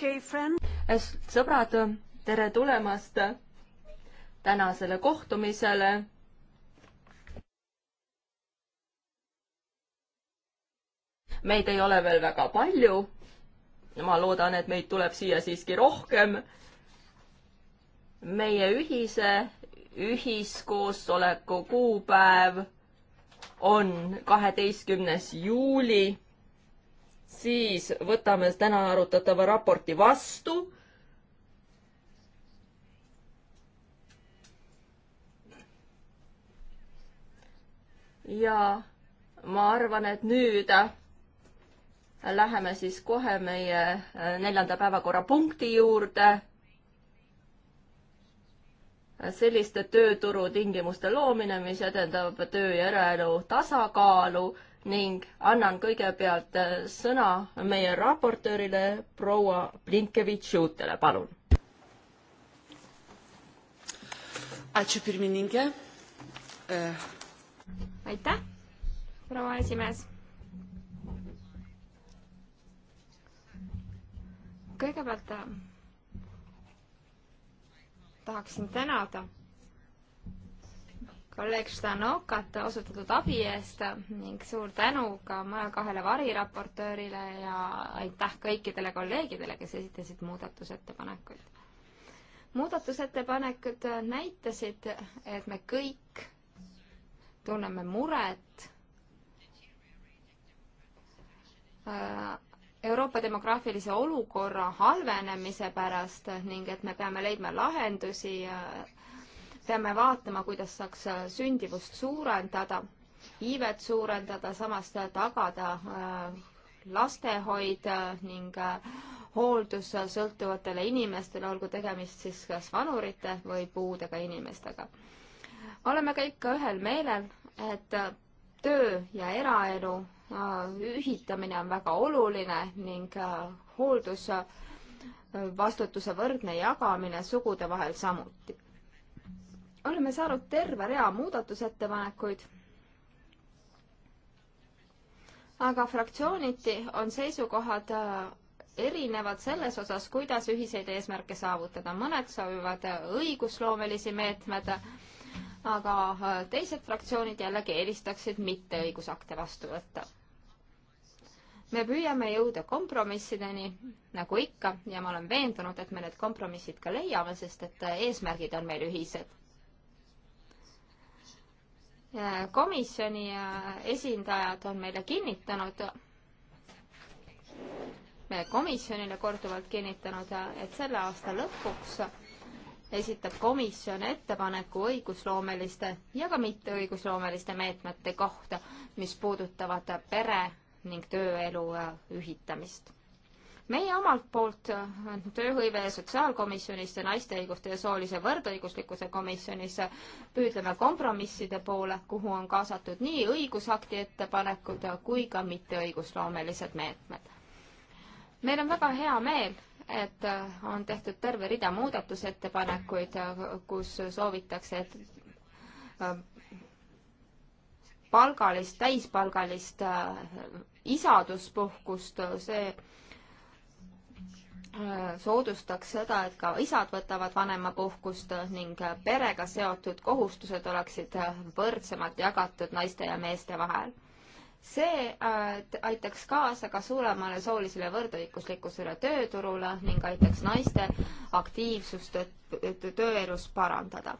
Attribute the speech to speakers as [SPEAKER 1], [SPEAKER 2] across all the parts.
[SPEAKER 1] Okay, sõbrad, tere tulemast tänasele kohtumisele. meid ei ole veel väga palju. ma loodan, et meid tuleb siia siiski rohkem. meie ühise ühiskoosoleku kuupäev on kaheteistkümnes juuli siis võtame täna arutatava raporti vastu ja ma arvan, et nüüd läheme siis kohe meie äh, neljanda päevakorrapunkti juurde. selliste tööturutingimuste loomine, mis edendab töö ja eraelu tasakaalu ning annan kõigepealt äh, sõna meie raportöörile proua Blinkevitš-Juutele, palun.
[SPEAKER 2] Äh. aitäh, proua esimees. kõigepealt äh, tahaksin tänada kolleeg Štanokat osutatud abi eest ning suur tänu ka kahele variraportöörile ja aitäh kõikidele kolleegidele, kes esitasid muudatusettepanekuid. muudatusettepanekud näitasid, et me kõik tunneme muret äh, Euroopa demograafilise olukorra halvenemise pärast ning et me peame leidma lahendusi äh, peame vaatama, kuidas saaks äh, sündivust suurendada, iivet suurendada, samas tagada äh, lastehoid äh, ning hooldus sõltuvatele inimestele, olgu tegemist siis kas vanurite või puudega inimestega. oleme ka ikka ühel meelel, et töö ja eraelu ühitamine on väga oluline ning hooldusvastutuse võrdne jagamine sugude vahel samuti oleme saanud terve rea muudatusettepanekuid, aga fraktsiooniti on seisukohad äh, erinevad selles osas, kuidas ühiseid eesmärke saavutada. mõned soovivad õigusloomelisi meetmed, aga äh, teised fraktsioonid jällegi eelistaksid mitte õigusakte vastu võtta. me püüame jõuda kompromissideni, nagu ikka, ja ma olen veendunud, et me need kompromissid ka leiame, sest et äh, eesmärgid on meil ühised komisjoni äh, esindajad on meile kinnitanud, me komisjonile korduvalt kinnitanud, et selle aasta lõpuks esitab komisjon ettepaneku õigusloomeliste ja ka mitteõigusloomeliste meetmete kohta, mis puudutavad pere ning tööelu äh, ühitamist meie omalt poolt äh, tööhõive ja sotsiaalkomisjonis ja naiste õiguste ja soolise võrdõiguslikkuse komisjonis äh, püüdleme kompromisside poole, kuhu on kaasatud nii õigusakti ettepanekud äh, kui ka mitteõigusloomelised meetmed. meil on väga hea meel, et on tehtud terve rida muudatusettepanekuid, kus soovitakse, et palgalist, täispalgalist isaduspuhkust, see Äh, soodustaks seda, et ka isad võtavad vanemapuhkust ning perega seotud kohustused oleksid võrdsemalt jagatud naiste ja meeste vahel. see äh, aitaks kaasa ka suuremale soolisele võrdõiguslikkusele tööturule ning aitaks naiste aktiivsust tööelus parandada.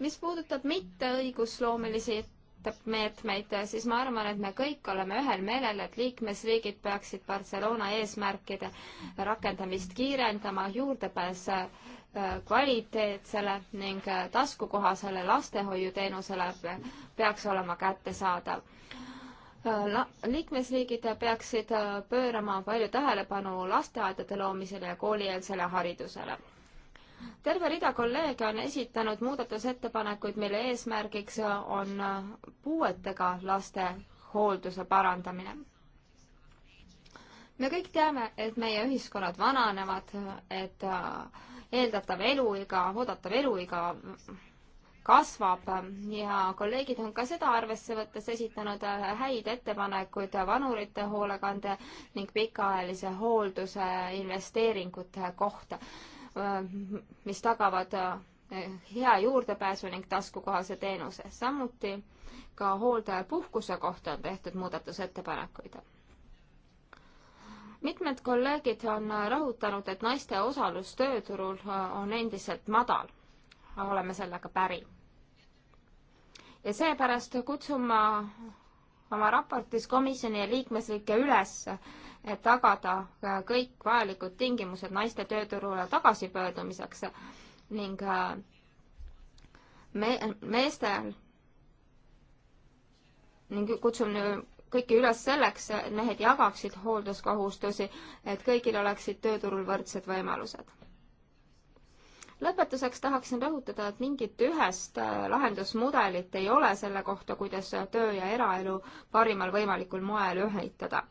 [SPEAKER 2] mis puudutab mitteõigusloomelisi puudutab meetmeid, siis ma arvan, et me kõik oleme ühel meelel, et liikmesriigid peaksid Barcelona eesmärkide rakendamist kiirendama, juurdepääs äh, kvaliteetsele ning äh, taskukohasele lastehoiuteenusele peaks olema kättesaadav. Äh, liikmesriigid peaksid pöörama palju tähelepanu lasteaedade loomisele ja koolieelsele haridusele terve rida kolleege on esitanud muudatusettepanekuid, mille eesmärgiks on puuetega laste hoolduse parandamine. me kõik teame, et meie ühiskonnad vananevad, et eeldatav eluiga, oodatav eluiga kasvab ja kolleegid on ka seda arvesse võttes esitanud häid ettepanekuid vanurite hoolekande ning pikaajalise hoolduse investeeringute kohta. Äh, mis tagavad äh, hea juurdepääsu ning taskukohase teenuse. samuti ka hooldajapuhkuse kohta on tehtud muudatusettepanekuid. mitmed kolleegid on rõhutanud, et naiste osalus tööturul äh, on endiselt madal. oleme sellega päri. ja seepärast kutsun ma oma raportis komisjoni ja liikmesriike üles, et tagada äh, kõik vajalikud tingimused naiste tööturule tagasipöördumiseks ning äh, me-, meestel ning kutsun kõiki üles selleks, et mehed jagaksid hoolduskohustusi, et kõigil oleksid tööturul võrdsed võimalused lõpetuseks tahaksin rõhutada, et mingit ühest äh, lahendusmudelit ei ole selle kohta, kuidas äh, töö ja eraelu parimal võimalikul moel ühitada.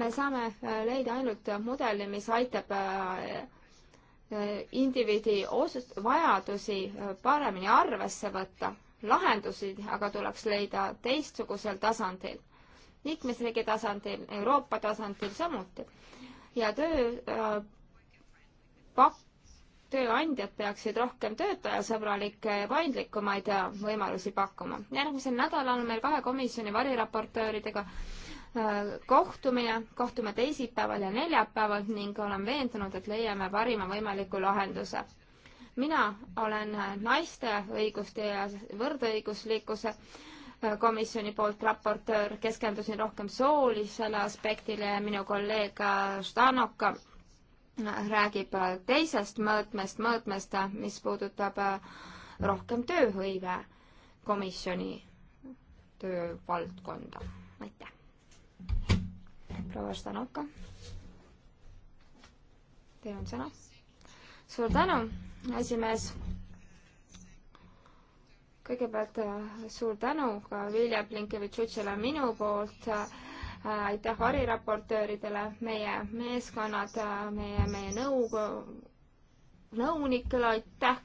[SPEAKER 2] me saame äh, leida ainult mudeli, mis aitab indiviidi osust-, vajadusi paremini arvesse võtta, lahendusi aga tuleks leida teistsugusel tasandil, liikmesriigi tasandil, Euroopa tasandil samuti. ja töö pak-, tööandjad peaksid rohkem töötajasõbralikke ja paindlikumaid võimalusi pakkuma. järgmisel nädalal on meil kahe komisjoni variraportööridega äh, kohtumine, kohtume teisipäeval ja neljapäeval ning olen veendunud, et leiame parima võimaliku lahenduse. mina olen naiste õiguste ja võrdõiguslikkuse äh, komisjoni poolt raportöör, keskendusin rohkem soolisele aspektile ja minu kolleeg Štanoka äh, räägib äh, teisest mõõtmest, mõõtmest, äh, mis puudutab äh, rohkem tööhõive komisjoni töövaldkonda. aitäh. proua Stanoka. Teil on sõna. suur tänu, esimees kõigepealt suur tänu ka Vilja Plinkevitš-Utsele minu poolt aitäh variraportööridele, meie meeskonnad, meie, meie nõu, nõunikele, aitäh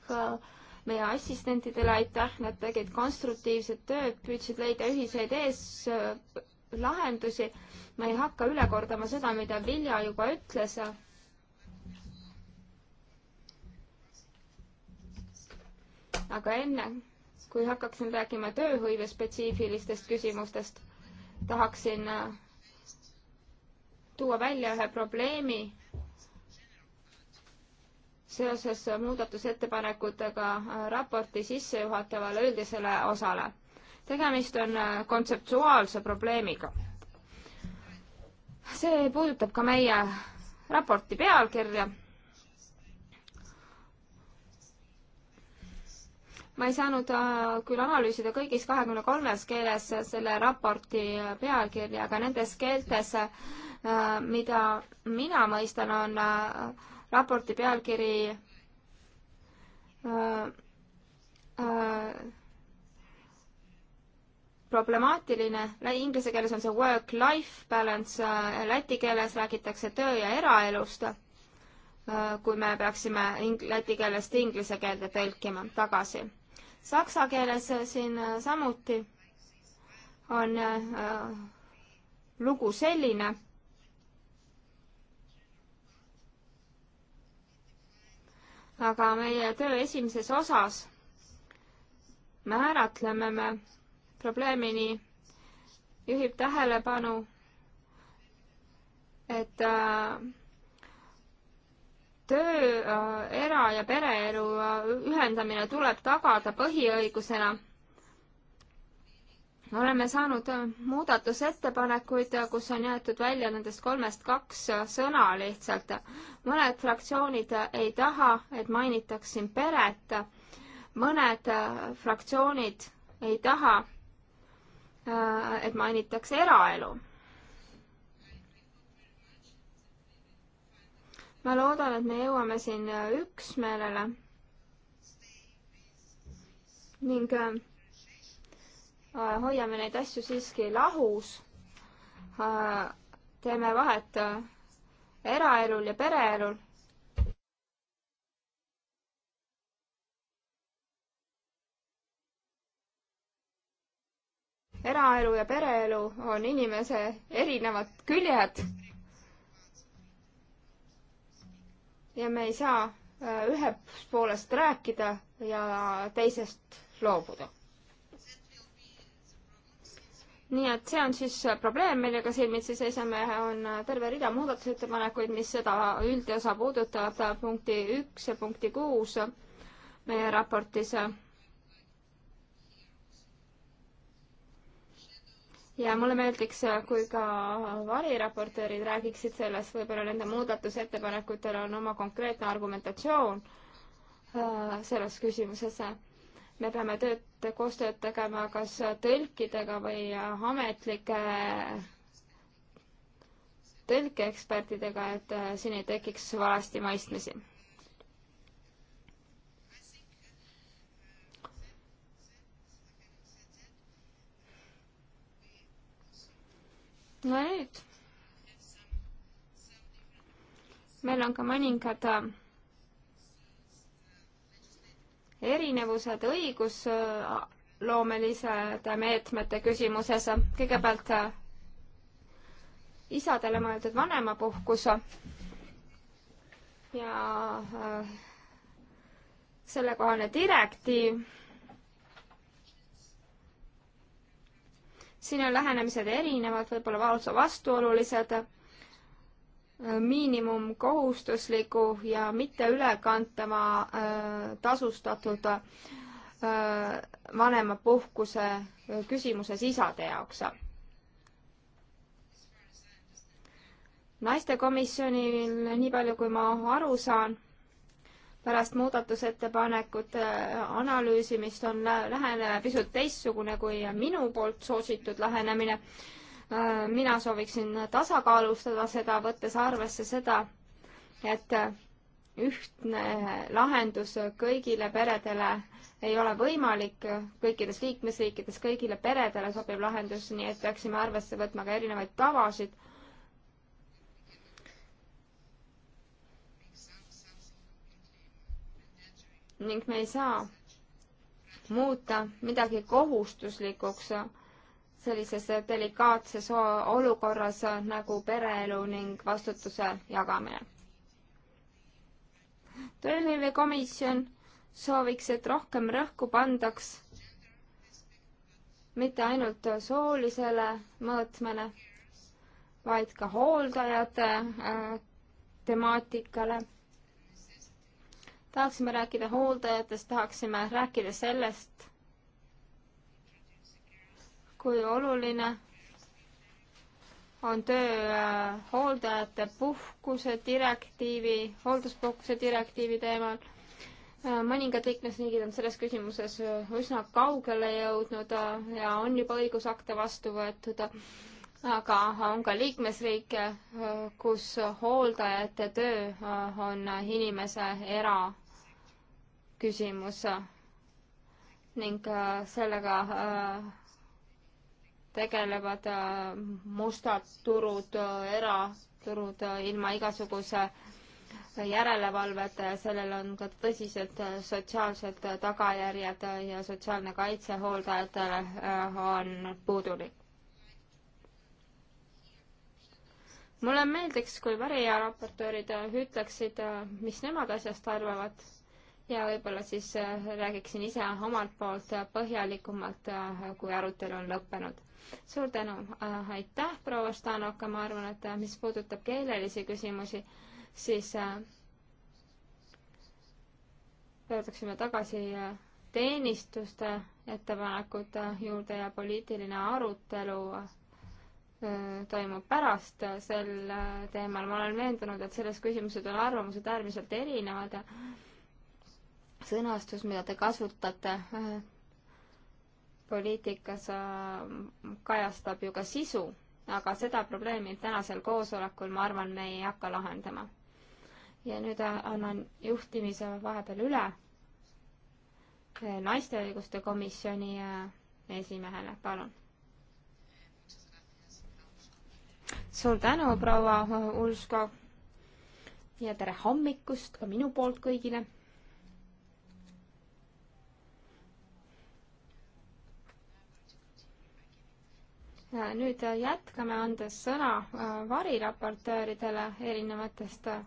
[SPEAKER 2] meie assistentidele, aitäh, nad tegid konstruktiivset tööd, püüdsid leida ühiseid ees äh, lahendusi. ma ei hakka üle kordama seda, mida Vilja juba ütles. aga enne, kui hakkaksin rääkima tööhõive spetsiifilistest küsimustest, tahaksin äh, tuua välja ühe probleemi seoses muudatusettepanekutega raporti sissejuhatavale üldisele osale. tegemist on kontseptuaalse probleemiga. see puudutab ka meie raporti pealkirja ma ei saanud äh, küll analüüsida kõigis kahekümne kolmes keeles selle raporti pealkirja, aga nendes keeltes, äh, Äh, mida mina mõistan, on äh, raporti pealkiri äh, problemaatiline, inglise keeles on see work-life balance, läti keeles räägitakse töö- ja eraelust, kui me peaksime ing-, läti keelest inglise keelde tõlkima tagasi. Saksa keeles siin samuti on lugu selline aga meie töö esimeses osas määratleme me probleemini, juhib tähelepanu, et äh, töö äh,, era- ja pereelu äh, ühendamine tuleb tagada põhiõigusena oleme saanud äh, muudatusettepanekuid, äh, kus on jäetud välja nendest kolmest kaks äh, sõna lihtsalt. mõned fraktsioonid ei taha, et mainitaks siin peret, mõned fraktsioonid ei taha, et mainitaks eraelu. ma loodan, et me jõuame siin üksmeelele ning Äh, hoiame neid asju siiski lahus. Äh, teeme vahet äh, eraelul ja pereelul. eraelu ja pereelu on inimese erinevad küljed. ja me ei saa ühest poolest rääkida ja teisest loobuda nii et see on siis probleem, millega silmitsi seisame, on terve rida muudatusettepanekuid, mis seda üldosa puudutavad, punkti üks ja punkti kuus meie raportis. ja mulle meeldiks, kui ka variraportöörid räägiksid sellest, võib-olla nende muudatusettepanekutel on oma konkreetne argumentatsioon äh, selles küsimuses me peame tööd, koostööd tegema kas tõlkidega või ametlike tõlkeekspertidega, et äh, siin ei tekiks valesti mõistmisi. no nüüd. meil on ka mõningad äh, erinevused õigusloomeliste meetmete küsimuses. kõigepealt äh, isadele mõeldud vanemapuhkus ja äh, sellekohane direktiiv siin on lähenemised erinevad, võib-olla lausa vastuolulised miinimumkohustusliku ja mitte ülekantava äh, tasustatud äh, vanemapuhkuse äh, küsimuses isade jaoks. naistekomisjonil, nii palju kui ma aru saan, pärast muudatusettepanekute analüüsimist on lähenemine pisut teistsugune kui minu poolt soositud lähenemine Äh, mina sooviksin tasakaalustada seda, võttes arvesse seda, et ühtne lahendus kõigile peredele ei ole võimalik, kõikides liikmesriikides kõigile peredele sobiv lahendus, nii et peaksime arvesse võtma ka erinevaid tavasid. ning me ei saa muuta midagi kohustuslikuks sellises delikaatses olukorras nagu pereelu ning vastutuse jagamine. tööline komisjon sooviks, et rohkem rõhku pandaks mitte ainult soolisele mõõtmele, vaid ka hooldajate äh, temaatikale. tahaksime rääkida hooldajatest, tahaksime rääkida sellest, kui oluline on töö äh, hooldajate puhkuse direktiivi, hoolduspuhkuse direktiivi teemal. Äh, mõningad liikmesriigid on selles küsimuses äh, üsna kaugele jõudnud ja on juba õigusakte vastu võetud, aga on ka liikmesriike, kus hooldajate töö on inimese eraküsimus ning sellega tegelevad äh, mustad turud, äh, eraturud äh, ilma igasuguse järelevalveta ja sellel on ka tõsised sotsiaalsed tagajärjed ja sotsiaalne kaitse hooldajatele on puudulik. mulle meeldiks, kui variraportöörid ütleksid, mis nemad asjast arvavad ja võib-olla siis räägiksin ise omalt poolt põhjalikumalt, kui arutelu on lõppenud suur tänu, ah, aitäh, proua Stanoka, ma arvan, et ah, mis puudutab keelelisi küsimusi, siis ah, pöörduksime tagasi teenistuste ettepanekute juurde ja poliitiline arutelu toimub pärast sel teemal. ma olen veendunud, et selles küsimuses on arvamused äärmiselt erinevad ja sõnastus, mida te kasutate, poliitikas äh, kajastab ju ka sisu, aga seda probleemi tänasel koosolekul, ma arvan, me ei hakka lahendama. ja nüüd äh, annan juhtimise vahepeal üle äh, naiste õiguste komisjoni esimehele, palun. suur tänu, proua Ulsko ja tere hommikust ka minu poolt kõigile nüüd jätkame, andes sõna äh, variraportööridele erinevatest äh,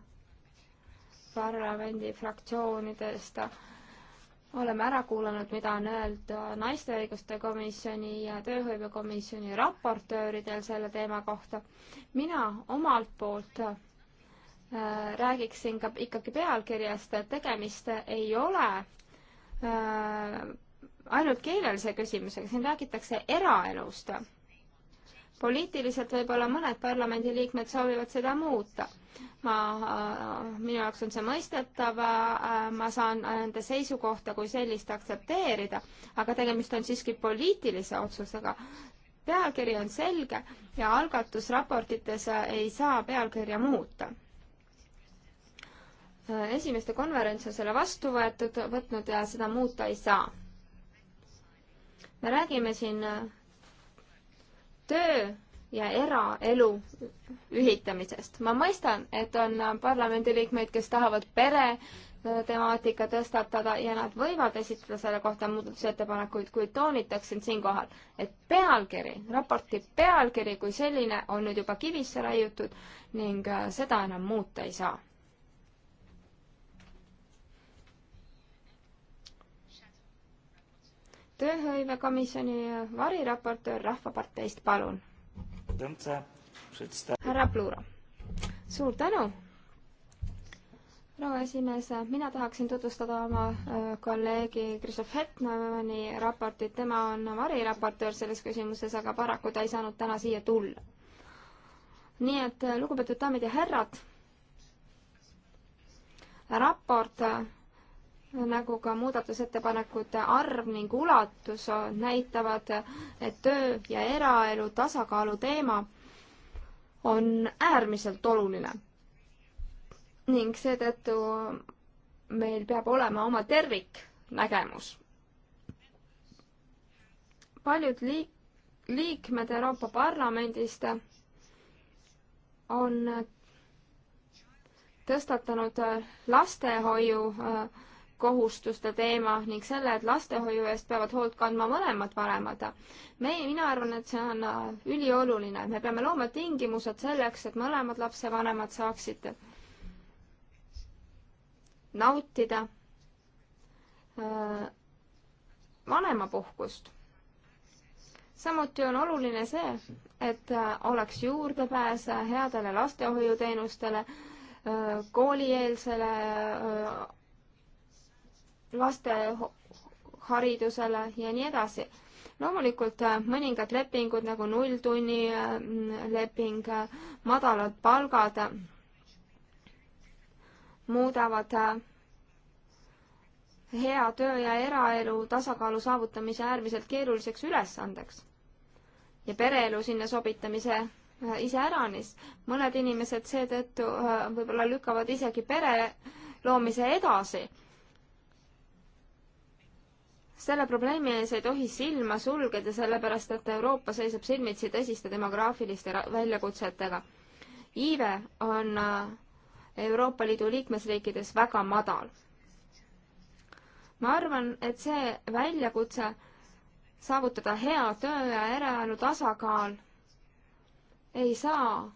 [SPEAKER 2] parlamendifraktsioonidest. oleme ära kuulanud, mida on öelda äh, Naiste Õiguste Komisjoni ja Tööhõivekomisjoni raportööridel selle teema kohta. mina omalt poolt räägiksin ka ikkagi pealkirjast, et tegemist ei ole ainult keelelise küsimusega, siin räägitakse eraelust poliitiliselt võib-olla mõned parlamendiliikmed soovivad seda muuta. ma, äh, minu jaoks on see mõistetav, äh, ma saan nende seisukohta kui sellist aktsepteerida, aga tegemist on siiski poliitilise otsusega. pealkiri on selge ja algatusraportites äh, ei saa pealkirja muuta esimeste konverents on selle vastu võetud, võtnud ja seda muuta ei saa. me räägime siin töö ja eraelu ühitamisest. ma mõistan, et on parlamendiliikmeid, kes tahavad pere äh, temaatika tõstatada ja nad võivad esitada selle kohta muudatusettepanekuid, kuid toonitaksin siinkohal, et pealkiri, raporti pealkiri kui selline on nüüd juba kivisse raiutud ning äh, seda enam muuta ei saa. tööhõivekomisjoni variraportöör Rahvaparteist, palun. härra Pluro, suur tänu proua esimees, mina tahaksin tutvustada oma äh, kolleegi Kristof Hetmani raportit, tema on variraportöör selles küsimuses, aga paraku ta ei saanud täna siia tulla. nii et äh, lugupeetud daamid ja härrad, raport äh, nagu ka muudatusettepanekute arv ning ulatus näitavad, et töö ja eraelu tasakaalu teema on äärmiselt oluline. ning seetõttu meil peab olema oma terviknägemus. paljud liik-, liikmed Euroopa Parlamendist on tõstatanud lastehoiu äh, kohustuste teema ning selle, et lastehoiu eest peavad hoolt kandma mõlemad vanemad. meie, mina arvan, et see on äh, ülioluline, me peame looma tingimused selleks, et mõlemad lapsevanemad saaksid nautida äh, vanemapuhkust. samuti on oluline see, et äh, oleks juurdepääs headele lastehoiuteenustele, koolieelsele laste haridusele ja nii edasi. loomulikult äh, mõningad lepingud nagu nulltunni äh, leping, äh, madalad palgad muudavad hea töö ja eraelu tasakaalu saavutamise äärmiselt keeruliseks ülesandeks. ja pereelu sinna sobitamise iseäranis. mõned inimesed seetõttu võib-olla lükkavad isegi pere loomise edasi selle probleemi ees ei tohi silma sulgeda, sellepärast et Euroopa seisab silmitsi tõsiste demograafiliste väljakutsetega. iive on äh, Euroopa Liidu liikmesriikides väga madal. ma arvan, et see väljakutse saavutada hea töö ja eraelu tasakaal ei saa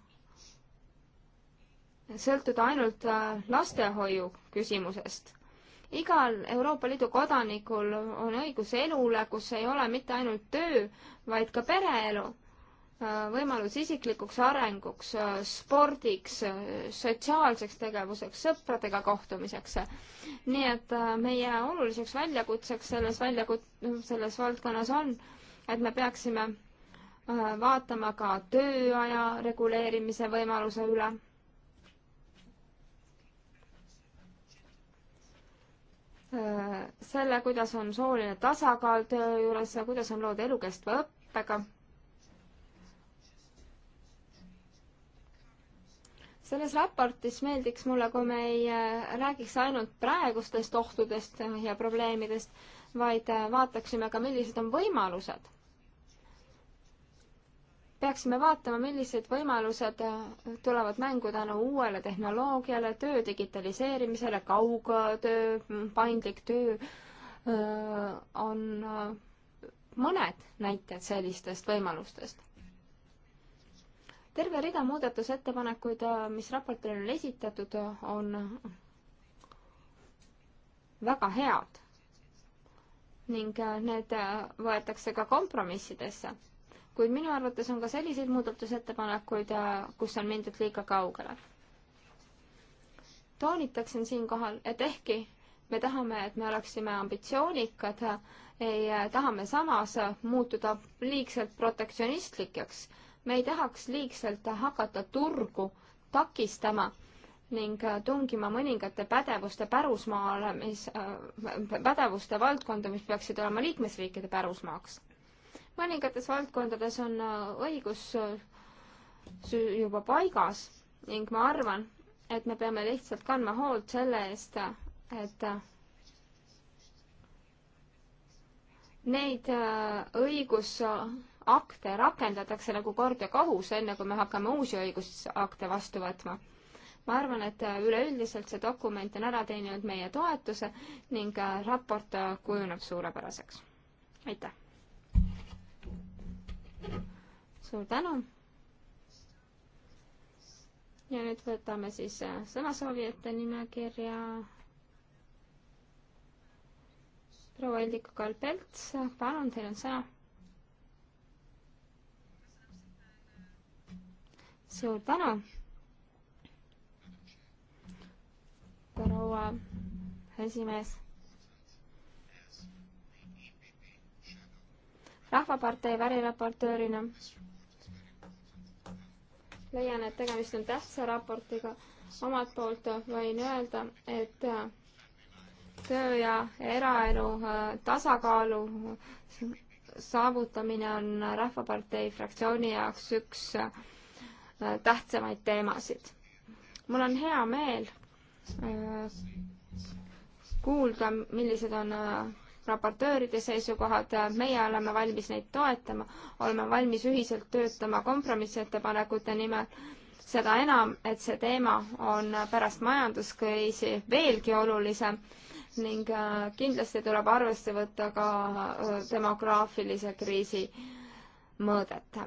[SPEAKER 2] sõltuda ainult äh, lastehoiu küsimusest igal Euroopa Liidu kodanikul on õigus elule, kus ei ole mitte ainult töö, vaid ka pereelu, äh, võimalus isiklikuks arenguks, äh, spordiks, äh, sotsiaalseks tegevuseks, sõpradega kohtumiseks. nii et meie oluliseks väljakutseks selles väljakut-, selles valdkonnas on, et me peaksime vaatama ka tööaja reguleerimise võimaluse üle Äh, selle, kuidas on sooline tasakaal töö juures, kuidas on lood elukestva õppega. selles raportis meeldiks mulle, kui me ei äh, räägiks ainult praegustest ohtudest ja probleemidest, vaid äh, vaataksime ka, millised on võimalused peaksime vaatama, millised võimalused äh, tulevad mängu tänu uuele tehnoloogiale, töö digitaliseerimisele, kaugtöö, paindlik töö, äh, on äh, mõned näited sellistest võimalustest. terve rida muudatusettepanekuid, mis raportile on esitatud, on väga head ning need võetakse ka kompromissidesse kuid minu arvates on ka selliseid muudatusettepanekuid, äh, kus on mindud liiga kaugele. toonitaksin siinkohal, et ehkki me tahame, et me oleksime ambitsioonikad, ei äh, tahame samas muutuda liigselt protektsionistlikeks. me ei tahaks liigselt hakata turgu takistama ning äh, tungima mõningate pädevuste pärusmaale, mis, pädevuste valdkonda, mis peaksid olema liikmesriikide pärusmaaks mõningates valdkondades on äh, õigus äh, juba paigas ning ma arvan, et me peame lihtsalt kandma hoolt selle eest, et äh, neid õigusakte rakendatakse nagu kord ja kohus, enne kui me hakkame uusi õigusakte vastu võtma. ma arvan, et üleüldiselt see dokument on ära teeninud meie toetuse ning raport kujuneb suurepäraseks. aitäh! suur tänu. ja nüüd võtame siis äh, sõnasoovijate nimekirja. proua Ildiko Kalpelts, palun, teil on sõna. suur tänu. proua esimees Rahvapartei variraportöörina leian, et tegemist on tähtsa raportiga. omalt poolt võin öelda, et töö ja eraelu äh, tasakaalu saavutamine on Rahvapartei fraktsiooni jaoks üks äh, tähtsamaid teemasid. mul on hea meel äh, kuulda, millised on raportööride seisukohad, meie oleme valmis neid toetama, oleme valmis ühiselt töötama kompromissettepanekute nimel, seda enam, et see teema on pärast majanduskriisi veelgi olulisem ning äh, kindlasti tuleb arvesse võtta ka äh, demograafilise kriisi mõõdet.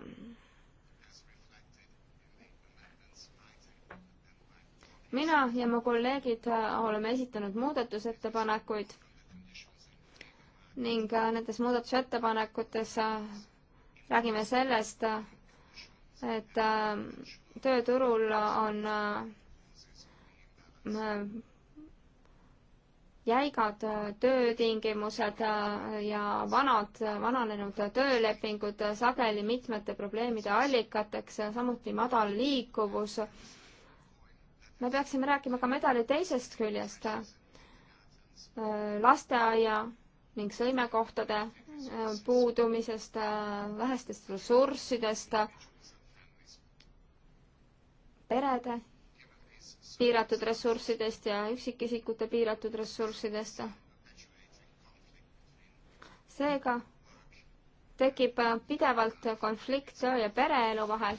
[SPEAKER 2] mina ja mu kolleegid äh, oleme esitanud muudatusettepanekuid ning äh, nendes muudatusettepanekutes äh, räägime sellest, et äh, tööturul on jäigad töötingimused ja vanad, vananenud töölepingud sageli mitmete probleemide allikateks, samuti madal liikuvus. me peaksime rääkima ka medali teisest küljest, lasteaia ning sõimekohtade äh, puudumisest, äh, vähestest ressurssidest, perede piiratud ressurssidest ja üksikisikute piiratud ressurssidest. seega tekib äh, pidevalt konflikt töö ja pereelu vahel.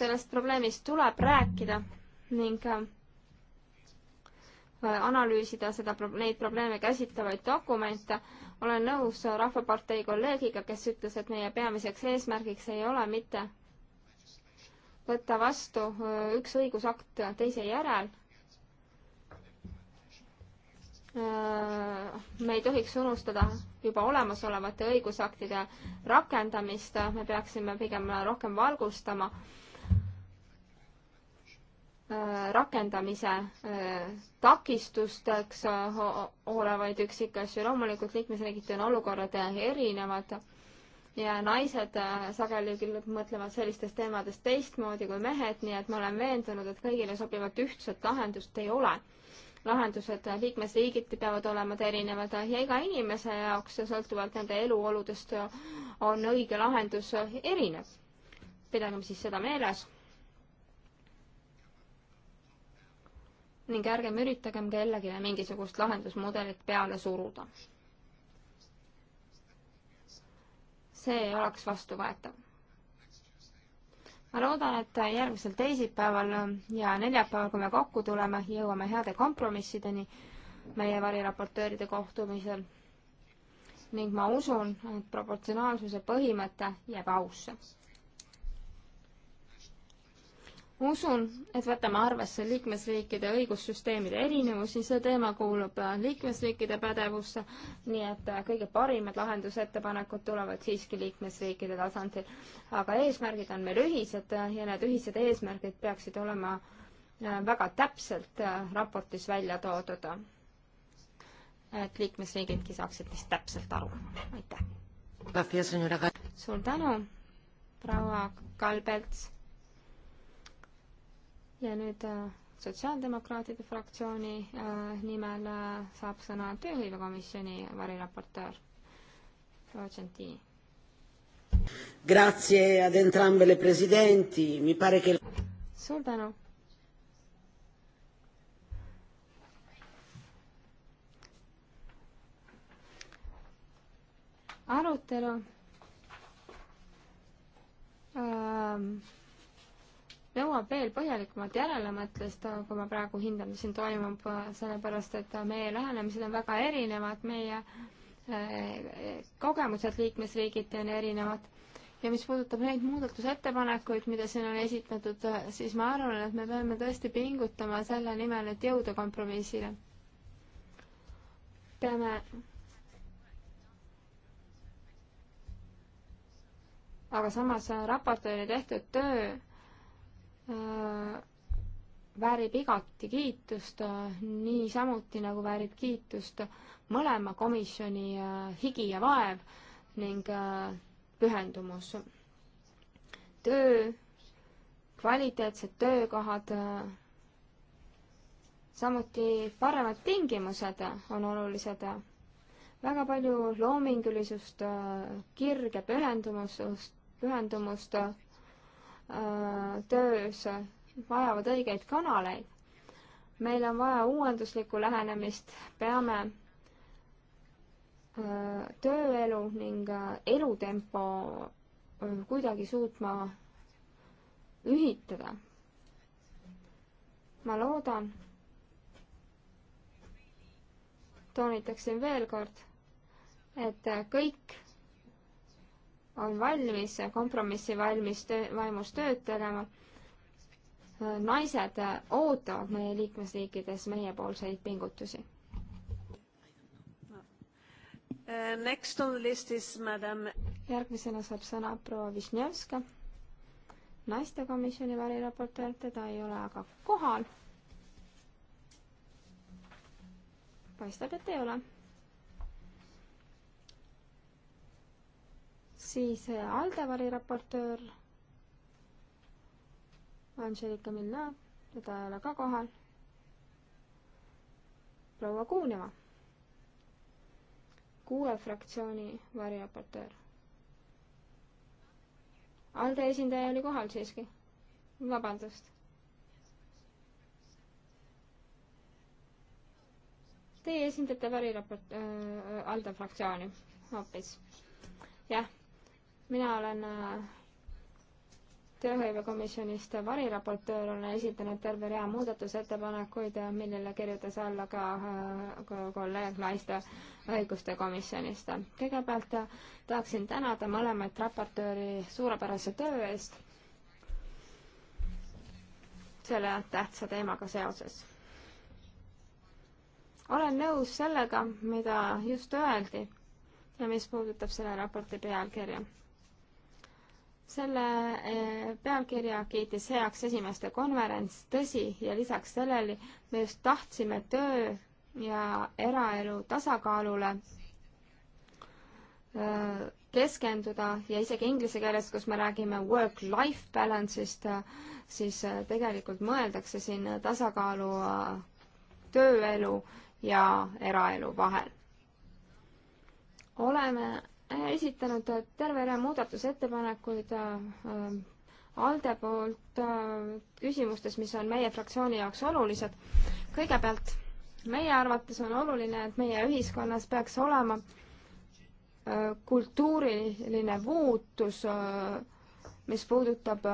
[SPEAKER 2] sellest probleemist tuleb rääkida ning Äh, analüüsida seda, neid probleeme käsitlevaid dokumente. olen nõus Rahvapartei kolleegiga, kes ütles, et meie peamiseks eesmärgiks ei ole mitte võtta vastu äh, üks õigusakt teise järel. Äh, me ei tohiks unustada juba olemasolevate õigusaktide rakendamist, me peaksime pigem rohkem valgustama äh, rakendamise äh, takistusteks äh, olevaid üksikasju. loomulikult liikmesriigiti on olukorrad erinevad ja naised äh, sageli küll mõtlevad sellistest teemadest teistmoodi kui mehed, nii et ma olen veendunud, et kõigile sobivat ühtset lahendust ei ole. lahendused liikmesriigiti peavad olema erinevad ja iga inimese jaoks, sõltuvalt nende eluoludest, on õige lahendus erinev. pidagem siis seda meeles ning ärgem üritagem kellelegi mingisugust lahendusmudelit peale suruda. see ei oleks vastuvõetav. ma loodan, et järgmisel teisipäeval ja neljapäeval, kui me kokku tuleme, jõuame heade kompromissideni meie variraportööride kohtumisel ning ma usun, et proportsionaalsuse põhimõte jääb ausse usun, et võtame arvesse liikmesriikide õigussüsteemide erinevusi, see teema kuulub liikmesriikide pädevusse, nii et kõige parimad lahendusettepanekud tulevad siiski liikmesriikide tasandil. aga eesmärgid on meil ühised ja need ühised eesmärgid peaksid olema väga täpselt raportis välja toodud, et liikmesriigidki saaksid neist täpselt aru.
[SPEAKER 1] aitäh!
[SPEAKER 2] suur tänu, proua Kalbelts! ja nüüd äh, Sotsiaaldemokraatide fraktsiooni äh, nimel äh, saab sõna tööhõivekomisjoni variraportöör Sargentini.
[SPEAKER 1] Grazie ad entrambe le presidenti, mi pare che...
[SPEAKER 2] suur tänu. arutelu ähm nõuab veel põhjalikumat järelemõtlust, kui ma praegu hindan, mis siin toimub, sellepärast et meie lähenemised on väga erinevad, meie eh, kogemused liikmesriigiti on erinevad ja mis puudutab neid muudatusettepanekuid, mida siin on esitatud, siis ma arvan, et me peame tõesti pingutama selle nimel, et jõuda kompromissile. peame aga samas raportööri tehtud töö Äh, väärib igati kiitust, äh, niisamuti nagu väärib kiitust mõlema komisjoni äh, higi ja vaev ning pühendumus. töö, kvaliteetsed töökohad, samuti paremad tingimused on olulised. väga palju loomingulisust, kirge pühendumusust, pühendumust, pühendumust Äh, töös vajavad õigeid kanaleid. meil on vaja uuenduslikku lähenemist, peame äh, tööelu ning äh, elutempo kuidagi suutma ühitada. ma loodan, toonitaksin veel kord, et kõik on valmis kompromissi valmis töö, vaimus tööd tegema. naised ootavad meie liikmesriikides meiepoolseid pingutusi.
[SPEAKER 1] Next on the list is madam. järgmisena
[SPEAKER 2] saab sõna proua Višnjevska, naistekomisjoni variraportöör, teda ei ole aga kohal. paistab, et ei ole siis Aldevari raportöör Angelika Milna, teda ei ole ka kohal. proua Kuuneva, kuue fraktsiooni variraportöör. Alde esindaja oli kohal siiski, vabandust. Teie esindate variraportöör äh,, Alde fraktsiooni hoopis, jah mina olen äh, tööhõivekomisjonist variraportöör on esitanud terve rea muudatusettepanekuid, millele kirjutas alla ka, äh, ka kolleeg naiste õiguste komisjonist. kõigepealt äh, tahaksin tänada mõlemaid raportööri suurepärase töö eest selle tähtsa teemaga seoses. olen nõus sellega, mida just öeldi ja mis puudutab selle raporti pealkirja selle eh, pealkirja kiitis heaks esimeste konverents, tõsi, ja lisaks sellele me just tahtsime töö ja eraelu tasakaalule eh, keskenduda ja isegi inglise keeles, kus me räägime work-life balance'ist, eh, siis tegelikult mõeldakse siin tasakaalu tööelu ja eraelu vahel. oleme esitanud terve rea muudatusettepanekuid ähm, ALDE poolt äh, küsimustes, mis on meie fraktsiooni jaoks olulised. kõigepealt, meie arvates on oluline, et meie ühiskonnas peaks olema äh, kultuuriline muutus, äh, mis puudutab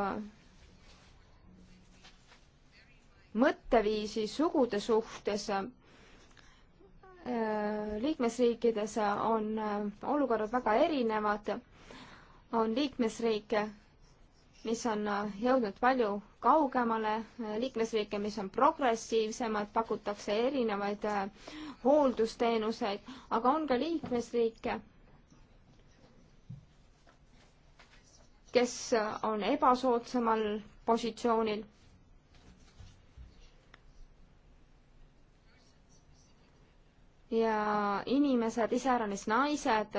[SPEAKER 2] mõtteviisi sugude suhtes Äh, liikmesriikides on äh, olukorrad väga erinevad. on liikmesriike, mis on äh, jõudnud palju kaugemale, liikmesriike, mis on progressiivsemad, pakutakse erinevaid hooldusteenuseid, aga on ka liikmesriike, kes on ebasoodsamal positsioonil ja inimesed, iseäranis naised,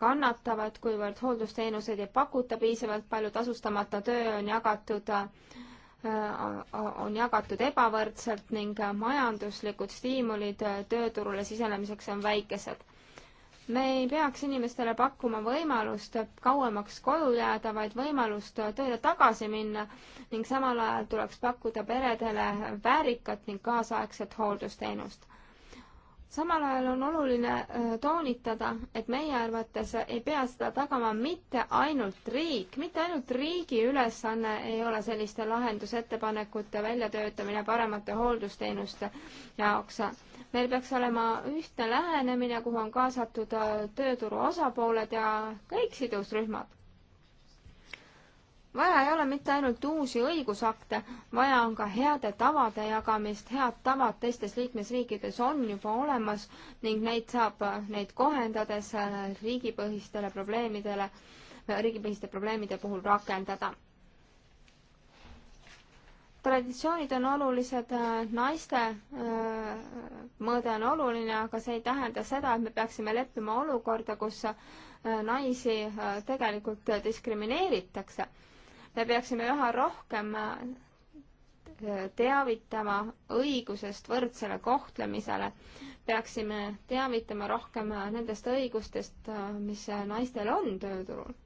[SPEAKER 2] kannatavad, kuivõrd hooldusteenuseid ei pakuta piisavalt palju, tasustamata töö on jagatud, äh, on jagatud ebavõrdselt ning majanduslikud stiimulid äh, tööturule sisenemiseks on väikesed me ei peaks inimestele pakkuma võimalust kauemaks koju jääda, vaid võimalust tööle tagasi minna ning samal ajal tuleks pakkuda peredele väärikat ning kaasaegset hooldusteenust samal ajal on oluline äh, toonitada, et meie arvates ei pea seda tagama mitte ainult riik, mitte ainult riigi ülesanne ei ole selliste lahendusettepanekute väljatöötamine paremate hooldusteenuste jaoks. meil peaks olema ühtne lähenemine, kuhu on kaasatud äh, tööturu osapooled ja kõik sidusrühmad vaja ei ole mitte ainult uusi õigusakte, vaja on ka heade tavade jagamist, head tavad teistes liikmesriikides on juba olemas ning neid saab, neid kohendades äh, riigipõhistele probleemidele, äh, riigipõhiste probleemide puhul rakendada. traditsioonid on olulised, äh, naiste mõõde on oluline, aga see ei tähenda seda, et me peaksime leppima olukorda, kus naisi tegelikult diskrimineeritakse me peaksime üha rohkem äh, teavitama õigusest võrdsele kohtlemisele, peaksime teavitama rohkem äh, nendest õigustest, äh, mis naistel on tööturul.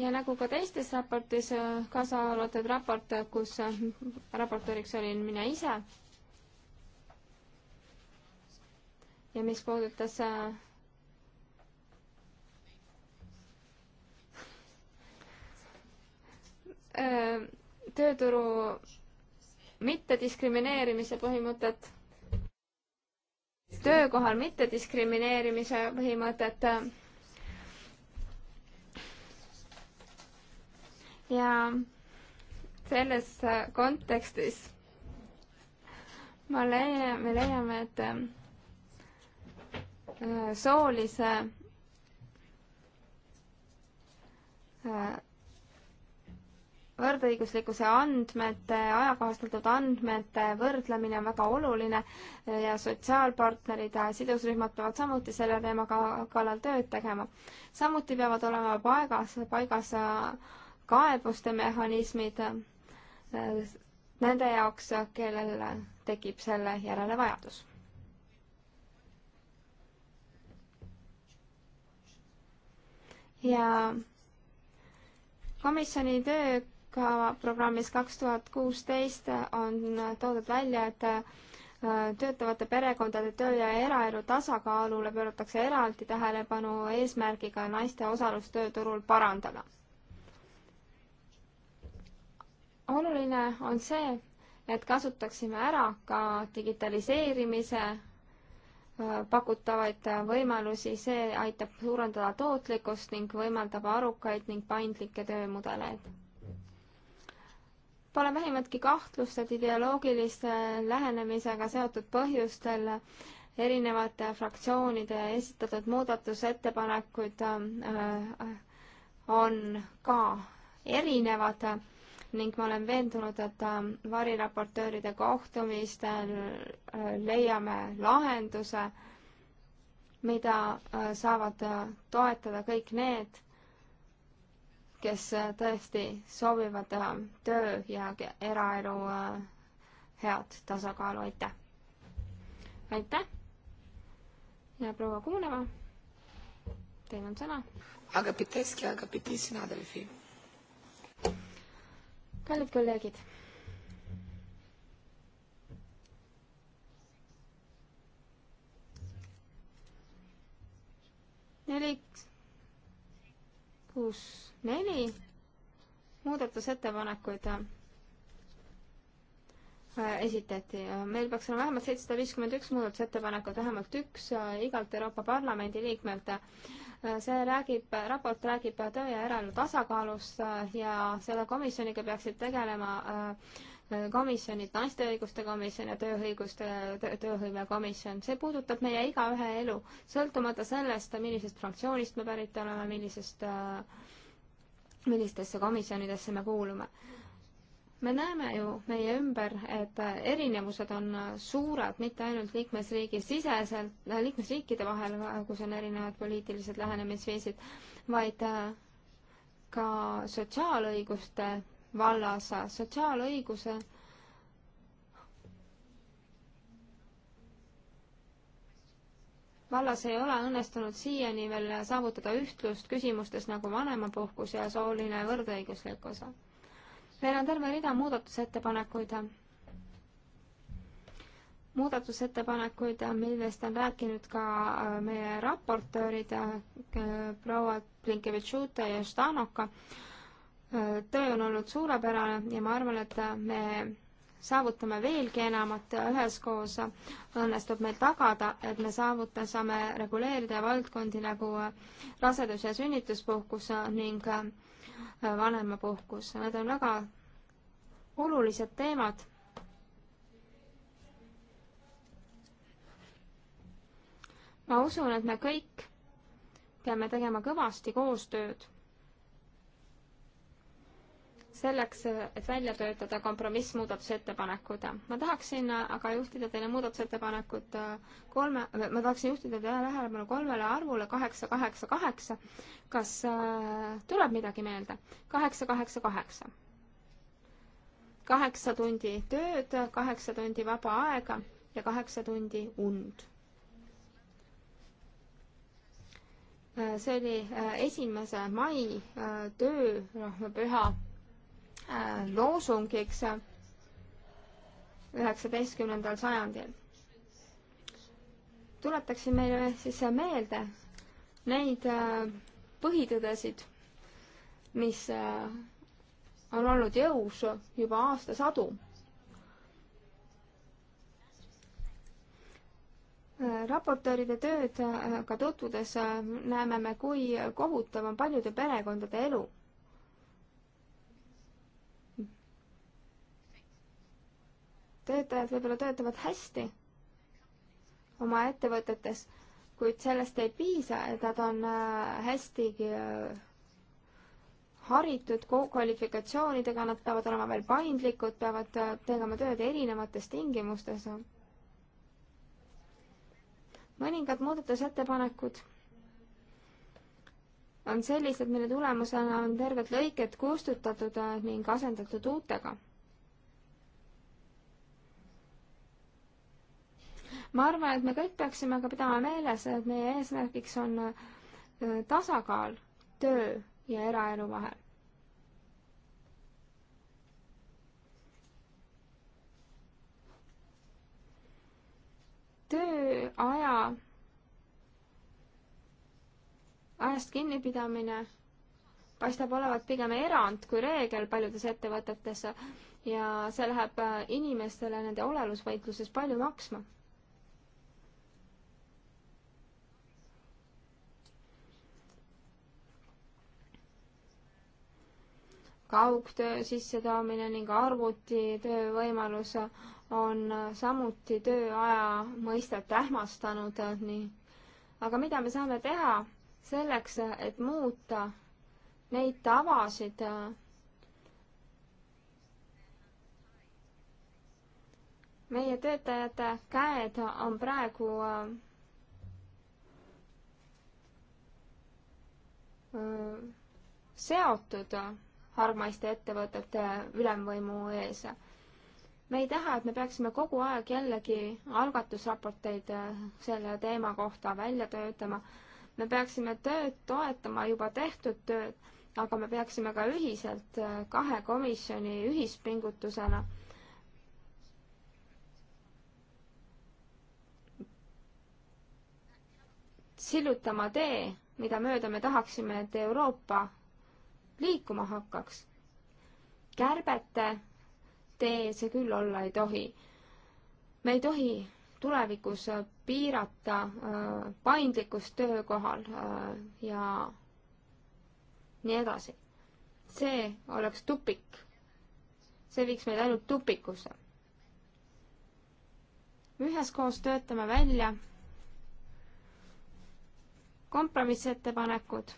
[SPEAKER 2] ja nagu ka teistes raportis, kaasa arvatud raport, kus raportööriks olin mina ise ja mis puudutas tööturu mittediskrimineerimise põhimõtet, töökohal mittediskrimineerimise põhimõtet ja selles kontekstis ma leian, me leiame, et äh, soolise äh, võrdõiguslikkuse andmete, ajakohastatud andmete võrdlemine on väga oluline ja sotsiaalpartnerid ja sidusrühmad peavad samuti selle teema kallal tööd tegema. samuti peavad olema paigas, paigas kaebuste mehhanismid eh, nende jaoks, kellel tekib selle järele vajadus ja komisjoni töö ka programmis kaks tuhat kuusteist on toodud välja, et äh, töötavate perekondade töö ja eraelu tasakaalule pööratakse eraldi tähelepanu eesmärgiga naiste osalust tööturul parandada. oluline on see, et kasutaksime ära ka digitaliseerimise äh, pakutavaid võimalusi, see aitab suurendada tootlikkust ning võimaldab arukaid ning paindlikke töömudeleid Pole vähimatki kahtlust, et ideoloogilise lähenemisega seotud põhjustel erinevate fraktsioonide esitatud muudatusettepanekud äh, on ka erinevad ning ma olen veendunud, et äh, variraportööride kohtumistel äh, leiame lahenduse, mida saavad toetada kõik need, kes äh, tõesti soovivad äh, töö ja eraelu äh, head tasakaalu, aitäh! aitäh! ja proua Kuuneva, teil on sõna. Agapiteski, Agapitis, Nadelfi. kallid kolleegid neli kuus, neli muudatusettepanekuid äh, esitati. Äh, meil peaks olema vähemalt seitsesada viiskümmend üks muudatusettepanekut, vähemalt üks äh, igalt Euroopa Parlamendi liikmelt. see räägib, raport räägib töö ja eraelu tasakaalust ja selle komisjoniga peaksid tegelema äh, komisjonid, naiste õiguste komisjon ja tööõiguste, tööhõive komisjon, see puudutab meie igaühe elu, sõltumata sellest, millisest fraktsioonist me pärit oleme, millisest, millistesse komisjonidesse me kuulume. me näeme ju meie ümber, et erinevused on suured, mitte ainult liikmesriigi siseselt, liikmesriikide vahel, kus on erinevad poliitilised lähenemisviisid, vaid ka sotsiaalõiguste vallas sotsiaalõiguse vallas ei ole õnnestunud siiani veel saavutada ühtlust küsimustes nagu vanemapuhkus ja sooline võrdõiguslikkus. meil on terve rida muudatusettepanekuid. muudatusettepanekuid, millest on rääkinud ka äh, meie raportöörid äh, proua Blinkevitš-Uute ja Ždanoka töö on olnud suurepärane ja ma arvan, et me saavutame veelgi enamat ja üheskoos õnnestub meil tagada, et me saavuta, saame reguleerida valdkondi nagu rasedus- ja sünnituspuhkus ning vanemapuhkus. Need on väga olulised teemad. ma usun, et me kõik peame tegema kõvasti koostööd selleks, et välja töötada kompromissmuudatusettepanekud. ma tahaksin aga juhtida teile muudatusettepanekut kolme, ma tahaksin juhtida teie tähelepanu kolmele arvule kaheksa, kaheksa, kaheksa. kas äh, tuleb midagi meelde? kaheksa, kaheksa, kaheksa. kaheksa tundi tööd, kaheksa tundi vaba aega ja kaheksa tundi und äh, see oli äh, esimese mai töörühma püha Äh, loosungiks üheksateistkümnendal sajandil. tuletaksin meile siis meelde neid äh, põhitõdesid, mis äh, on olnud jõus juba aastasadu. raportööride tööd ka tutvudes näeme me, kui kohutav on paljude perekondade elu töötajad võib-olla töötavad hästi oma ettevõtetes, kuid sellest ei piisa, et nad on äh, hästi äh, haritud kvalifikatsioonidega, nad peavad olema veel paindlikud, peavad äh, tegema tööd erinevates tingimustes. mõningad muudatusettepanekud on sellised, mille tulemusena on terved lõiked kustutatud ning asendatud uutega ma arvan, et me kõik peaksime ka pidama meeles, et meie eesmärgiks on äh, tasakaal töö ja eraelu vahel. tööaja, ajast kinnipidamine paistab olevat pigem erand kui reegel paljudes ettevõtetes ja see läheb äh, inimestele nende olelusvõitluses palju maksma kaugtöö sissetoomine ning arvutitöö võimalus on samuti tööaja mõistet ähmastanud, nii. aga mida me saame teha selleks, et muuta neid tavasid, meie töötajate käed on praegu äh, seotud hargmaiste ettevõtete ülemvõimu ees. me ei taha, et me peaksime kogu aeg jällegi algatusraporteid äh, selle teema kohta välja töötama. me peaksime tööd toetama, juba tehtud tööd, aga me peaksime ka ühiselt äh, kahe komisjoni ühispingutusena sillutama tee, mida mööda me tahaksime, et Euroopa liikuma hakkaks. kärbete tee see küll olla ei tohi. me ei tohi tulevikus piirata äh, paindlikkust töökohal äh, ja nii edasi. see oleks tupik. see viiks meid ainult tupikusse. üheskoos töötame välja kompromissettepanekud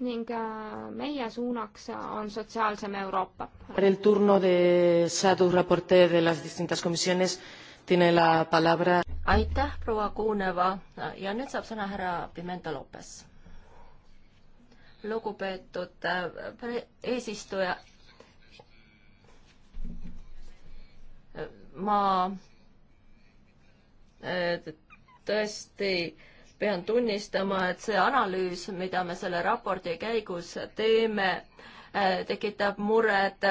[SPEAKER 2] ning äh, meie suunaks on sotsiaalsem
[SPEAKER 1] Euroopa. El turno de Sadu raporte de las distintas comisiones tiene la palabra. aitäh, proua Kuuneva ja nüüd saab sõna härra Pimenta Lopes. lugupeetud äh, eesistuja. ma äh, tõesti äh, pean tunnistama, et see analüüs, mida me selle raporti käigus teeme, äh, tekitab muret.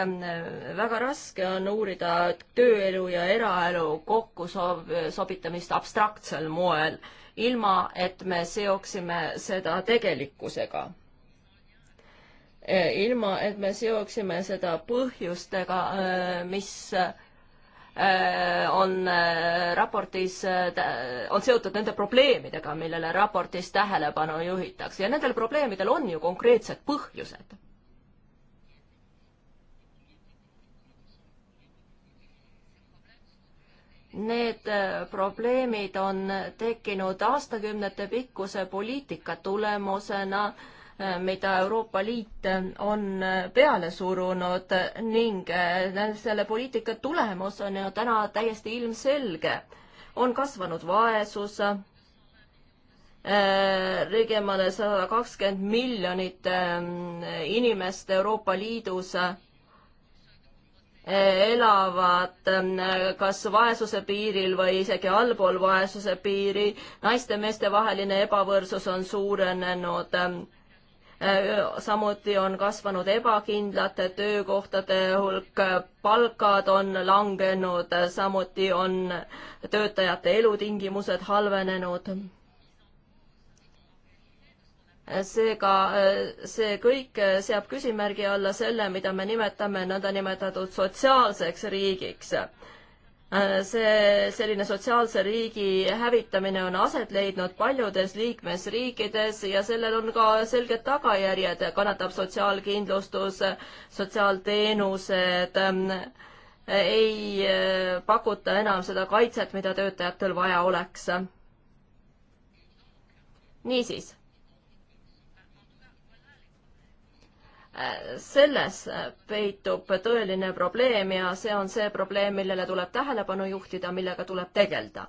[SPEAKER 1] väga raske on uurida tööelu ja eraelu kokku sob-, sobitamist abstraktsel moel, ilma et me seoksime seda tegelikkusega. Äh, ilma, et me seoksime seda põhjustega, äh, mis Äh, on äh, raportis, äh, on seotud nende probleemidega, millele raportis tähelepanu juhitakse ja nendel probleemidel on ju konkreetsed põhjused. Need probleemid on tekkinud aastakümnete pikkuse poliitika tulemusena äh, Äh, mida Euroopa Liit äh, on äh, peale surunud ning selle poliitika tulemus on ju täna täiesti ilmselge. on kasvanud vaesus, ligemale sada kakskümmend miljonit inimest Euroopa Liidus elavad kas vaesuse piiril või isegi allpool vaesuse piiri, naiste-meeste vaheline ebavõrdsus on suurenenud samuti on kasvanud ebakindlate töökohtade hulk, palgad on langenud, samuti on töötajate elutingimused halvenenud seega see kõik seab küsimärgi alla selle, mida me nimetame nõndanimetatud sotsiaalseks riigiks Äh, see selline sotsiaalse riigi hävitamine on aset leidnud paljudes liikmesriikides ja sellel on ka selged tagajärjed, kannatab sotsiaalkindlustus, sotsiaalteenused, ähm, ei äh, pakuta enam seda kaitset, mida töötajatel vaja oleks. niisiis selles peitub tõeline probleem ja see on see probleem, millele tuleb tähelepanu juhtida, millega tuleb tegeleda.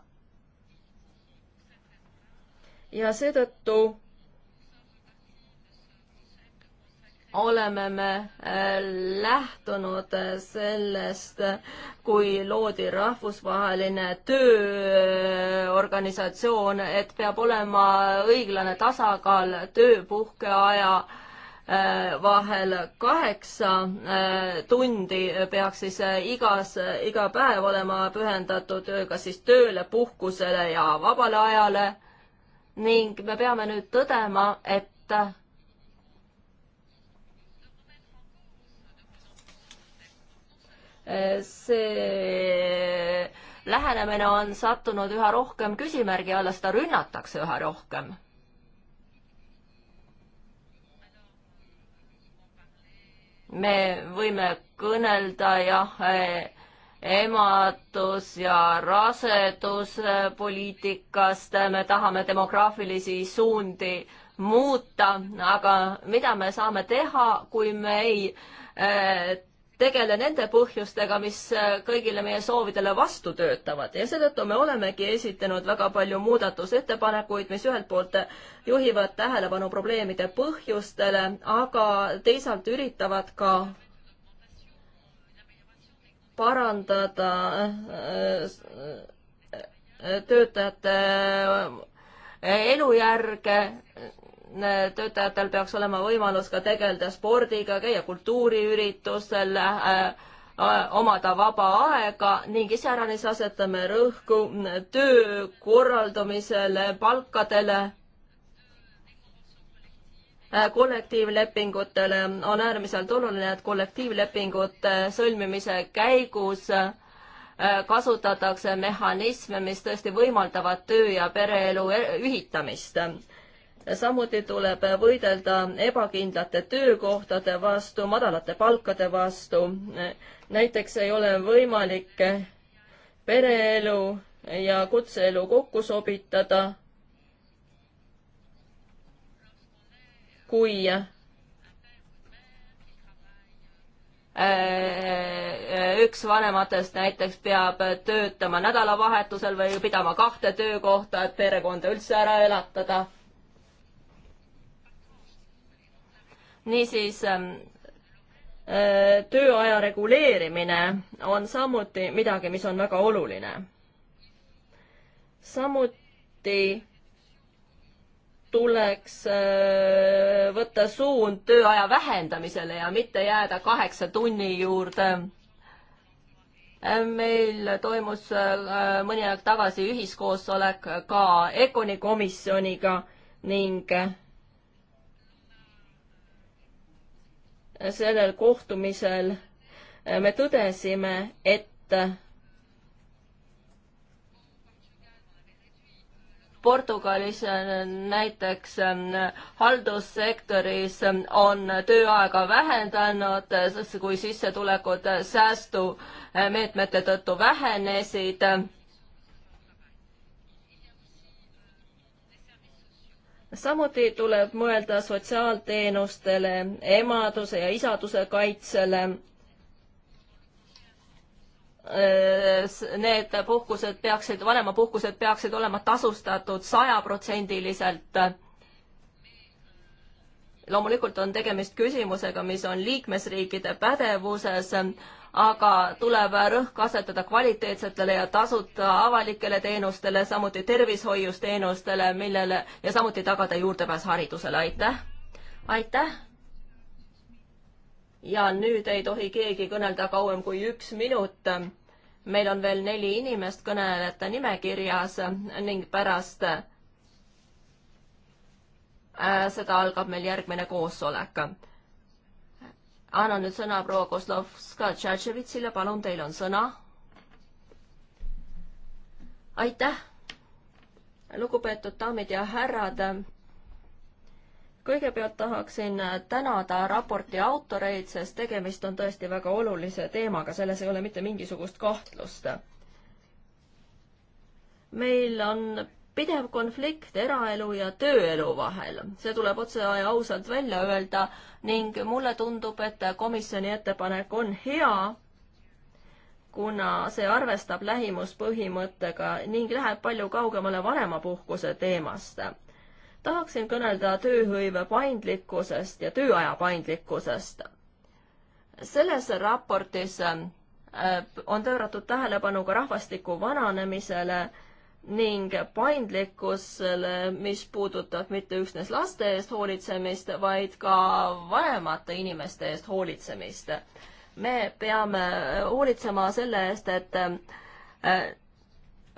[SPEAKER 1] ja seetõttu oleme me äh, lähtunud äh, sellest, kui loodi rahvusvaheline tööorganisatsioon, et peab olema õiglane tasakaal tööpuhkeaja Äh, vahel kaheksa äh, tundi peaks siis äh, igas, iga päev olema pühendatud kas siis tööle, puhkusele ja vabale ajale. ning me peame nüüd tõdema, et see lähenemine on sattunud üha rohkem küsimärgi alla, seda rünnatakse üha rohkem me võime kõnelda jah, ematus- ja raseduspoliitikast, me tahame demograafilisi suundi muuta, aga mida me saame teha, kui me ei eh, tegele nende põhjustega, mis äh, kõigile meie soovidele vastu töötavad ja seetõttu me olemegi esitanud väga palju muudatusettepanekuid, mis ühelt poolt juhivad tähelepanu probleemide põhjustele, aga teisalt üritavad ka parandada äh, äh, töötajate elujärge töötajatel peaks olema võimalus ka tegeleda spordiga, käia kultuuriüritusel äh, äh,, omada vaba aega ning iseäranis asetame rõhku töö korraldamisele, palkadele, äh, kollektiivlepingutele. on äärmiselt oluline, et kollektiivlepingute sõlmimise käigus äh, kasutatakse mehhanisme, mis tõesti võimaldavad töö ja pereelu ühitamist samuti tuleb võidelda ebakindlate töökohtade vastu, madalate palkade vastu. näiteks ei ole võimalik pereelu ja kutseelu kokku sobitada, kui äh, äh, üks vanematest näiteks peab töötama nädalavahetusel või pidama kahte töökohta, et perekonda üldse ära elatada niisiis ähm, äh, tööaja reguleerimine on samuti midagi, mis on väga oluline. samuti tuleks äh, võtta suund tööaja vähendamisele ja mitte jääda kaheksa tunni juurde. meil toimus äh, mõni aeg tagasi ühiskoosolek ka Econi komisjoniga ning sellel kohtumisel me tõdesime, et Portugalis näiteks haldussektoris on tööaega vähendanud, kui sissetulekud säästumeetmete tõttu vähenesid samuti tuleb mõelda sotsiaalteenustele, emaduse ja isaduse kaitsele. Äh, need puhkused peaksid, vanemapuhkused peaksid olema tasustatud sajaprotsendiliselt loomulikult on tegemist küsimusega, mis on liikmesriikide pädevuses, aga tuleb rõhk asetada kvaliteetsetele ja tasuta avalikele teenustele, samuti tervishoiusteenustele, millele ja samuti tagada juurdepääs haridusele, aitäh! aitäh! ja nüüd ei tohi keegi kõnelda kauem kui üks minut. meil on veel neli inimest kõnelejate nimekirjas ning pärast äh, seda algab meil järgmine koosolek annan nüüd sõna proua Kozlovska-Tšetševitsile, palun, teil on sõna. aitäh, lugupeetud daamid ja härrad. kõigepealt tahaksin tänada raporti autoreid, sest tegemist on tõesti väga olulise teemaga, selles ei ole mitte mingisugust kahtlust. meil on pidev konflikt eraelu ja tööelu vahel, see tuleb otse ja ausalt välja öelda ning mulle tundub, et komisjoni ettepanek on hea, kuna see arvestab lähimuspõhimõttega ning läheb palju kaugemale vanemapuhkuse teemast. tahaksin kõnelda tööhõive paindlikkusest ja tööaja paindlikkusest. selles raportis äh, on pööratud tähelepanu ka rahvastiku vananemisele ning paindlikkusele, mis puudutab mitte üksnes laste eest hoolitsemist, vaid ka vanemate inimeste eest hoolitsemist. me peame hoolitsema selle eest, et äh,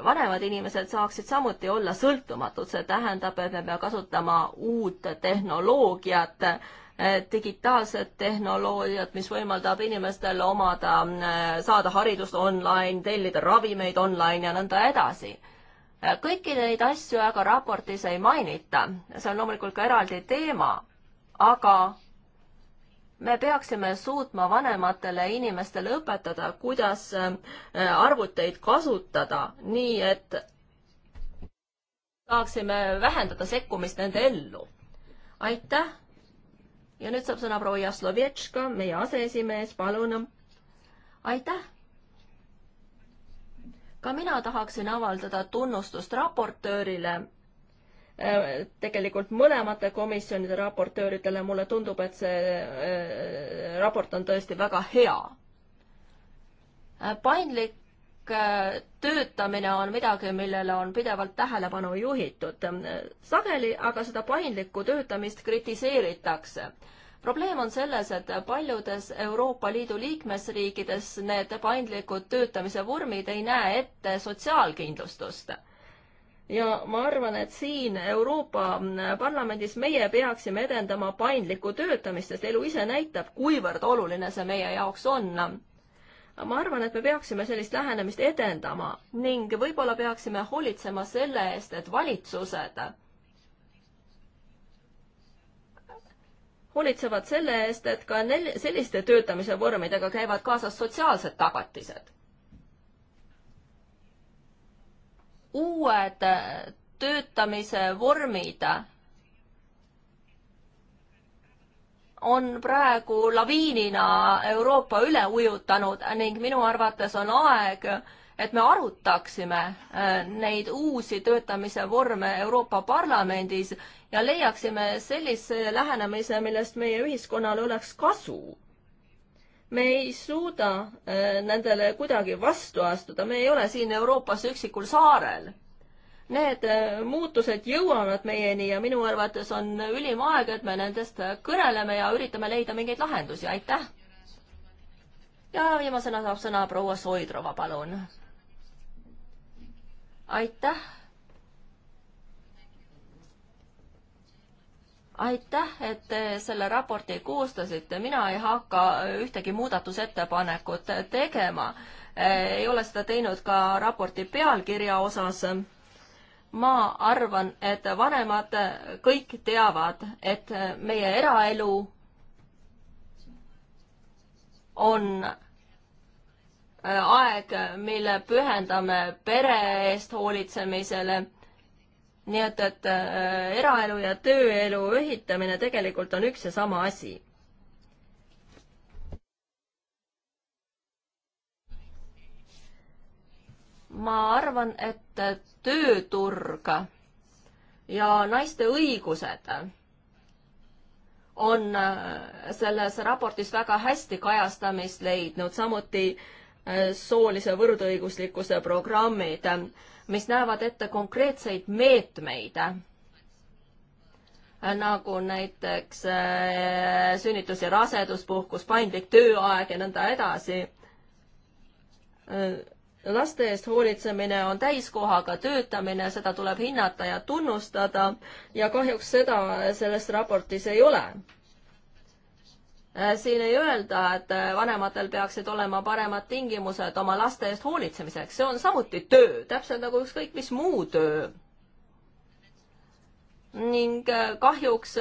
[SPEAKER 1] vanemad inimesed saaksid samuti olla sõltumatud, see tähendab, et me peame kasutama uut tehnoloogiat, äh, digitaalset tehnoloogiat, mis võimaldab inimestel omada, äh, saada haridust online, tellida ravimeid online ja nõnda edasi kõiki neid asju aga raportis ei mainita, see on loomulikult ka eraldi teema, aga me peaksime suutma vanematele inimestele õpetada, kuidas äh, arvuteid kasutada, nii et saaksime vähendada sekkumist nende ellu. aitäh! ja nüüd saab sõna proua Jaslovetška, meie aseesimees, palun! aitäh! ka mina tahaksin avaldada tunnustust raportöörile, äh, tegelikult mõlemate komisjonide raportööridele, mulle tundub, et see äh, raport on tõesti väga hea. Äh, paindlik töötamine on midagi, millele on pidevalt tähelepanu juhitud. sageli aga seda paindlikku töötamist kritiseeritakse probleem on selles, et paljudes Euroopa Liidu liikmesriikides need paindlikud töötamise vormid ei näe ette sotsiaalkindlustust. ja ma arvan, et siin Euroopa Parlamendis meie peaksime edendama paindlikku töötamist, sest elu ise näitab, kuivõrd oluline see meie jaoks on ma arvan, et me peaksime sellist lähenemist edendama ning võib-olla peaksime hoolitsema selle eest, et valitsused hoolitsevad selle eest, et ka nel-, selliste töötamise vormidega käivad kaasas sotsiaalsed tagatised. uued äh, töötamise vormid on praegu laviinina Euroopa üle ujutanud ning minu arvates on aeg et me arutaksime äh, neid uusi töötamise vorme Euroopa Parlamendis ja leiaksime sellise lähenemise, millest meie ühiskonnal oleks kasu. me ei suuda äh, nendele kuidagi vastu astuda, me ei ole siin Euroopas üksikul saarel. Need äh, muutused jõuavad meieni ja minu arvates on ülim aeg, et me nendest kõneleme ja üritame leida mingeid lahendusi, aitäh! ja viimasena saab sõna proua Soidrova, palun aitäh. aitäh, et te selle raporti koostasite, mina ei hakka ühtegi muudatusettepanekut tegema. ei ole seda teinud ka raporti pealkirja osas ma arvan, et vanemad kõik teavad, et meie eraelu on aeg, mille pühendame pere eest hoolitsemisele. nii et, et äh, eraelu ja tööelu ühitamine tegelikult on üks ja sama asi. ma arvan, et tööturg ja naiste õigused on äh, selles raportis väga hästi kajastamist leidnud, samuti soolise võrdõiguslikkuse programmid, mis näevad ette konkreetseid meetmeid, nagu näiteks äh, sünnitus- ja raseduspuhkus, paindlik tööaeg ja nõnda edasi. Äh, laste eest hoolitsemine on täiskohaga töötamine, seda tuleb hinnata ja tunnustada ja kahjuks seda selles raportis ei ole Äh, siin ei öelda, et äh, vanematel peaksid olema paremad tingimused oma laste eest hoolitsemiseks, see on samuti töö, täpselt nagu ükskõik mis muu töö. ning äh, kahjuks